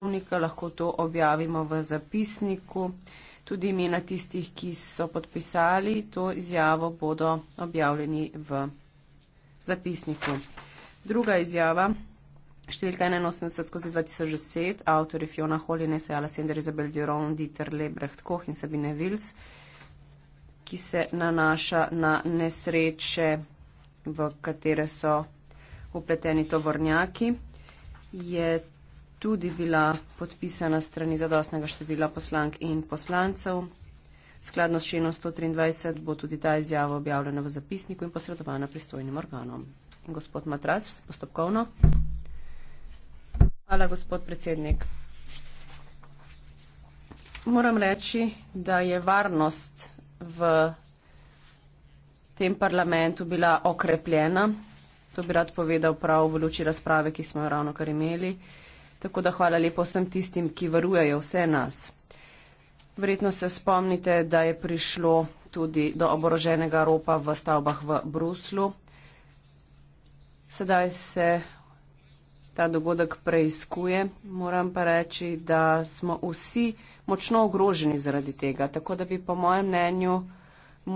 pravnika, lahko to objavimo v zapisniku. Tudi imena tistih, ki so podpisali to izjavo, bodo objavljeni v zapisniku. Druga izjava, številka 81 skozi 2010, avtori Fiona Holines, Jala Sender, Izabel Diron, Dieter Lebrecht, Koh in Sabine Wils, ki se nanaša na nesreče, v katere so upleteni tovornjaki. Je tudi bila podpisana strani zadostnega števila poslank in poslancev. Skladno s šenom 123 bo tudi ta izjava objavljena v zapisniku in posredovana pristojnim organom. Gospod Matras, postopkovno. Hvala, gospod predsednik. Moram reči, da je varnost v tem parlamentu bila okrepljena. To bi rad povedal prav v luči razprave, ki smo jo ravno kar imeli. Uh, Tako da hvala lepo vsem tistim, ki varujejo vse nas. Verjetno se spomnite, da je prišlo tudi do oboroženega ropa v stavbah v Bruslu. Sedaj se ta dogodek preizkuje. Moram pa reči, da smo vsi močno ogroženi zaradi tega. Tako da bi po mojem mnenju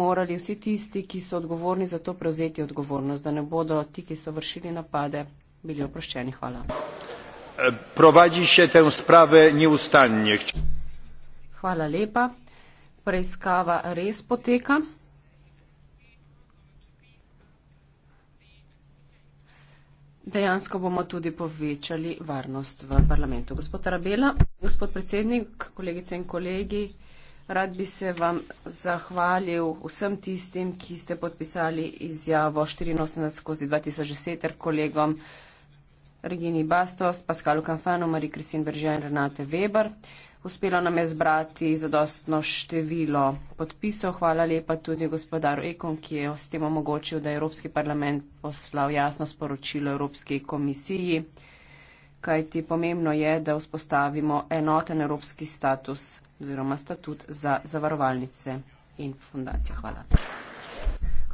morali vsi tisti, ki so odgovorni za to, prevzeti odgovornost, da ne bodo ti, ki so vršili napade, bili oproščeni. Hvala. E, prowadzi się tę sprawę nieustannie. dejansko bomo tudi povečali varnost v parlamentu. Gospod Rabela, gospod predsednik, kolegice in kolegi, rad bi se vam zahvalil vsem tistim, ki ste podpisali izjavo 84 skozi 2010 ter kolegom Regini Bastos, Pascalu Kanfanu, Marii Kristin Beržen, Renate Weber. Uspelo nam je zbrati zadostno število podpisov. Hvala lepa tudi gospodaru Ekom, ki je s tem omogočil, da je Evropski parlament poslal jasno sporočilo Evropski komisiji, kajti pomembno je, da vzpostavimo enoten evropski status oziroma statut za zavarovalnice in fundacije. Hvala.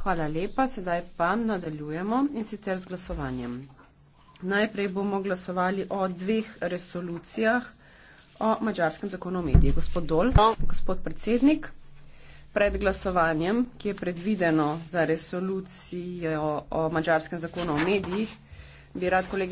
Hvala lepa, sedaj pa nadaljujemo in sicer z glasovanjem. Najprej bomo glasovali o dveh resolucijah o mačarskem zakonu o medijih. Gospod Dol, gospod predsednik, pred glasovanjem, ki je predvideno za resolucijo o mačarskem zakonu o medijih, bi rad kolegi.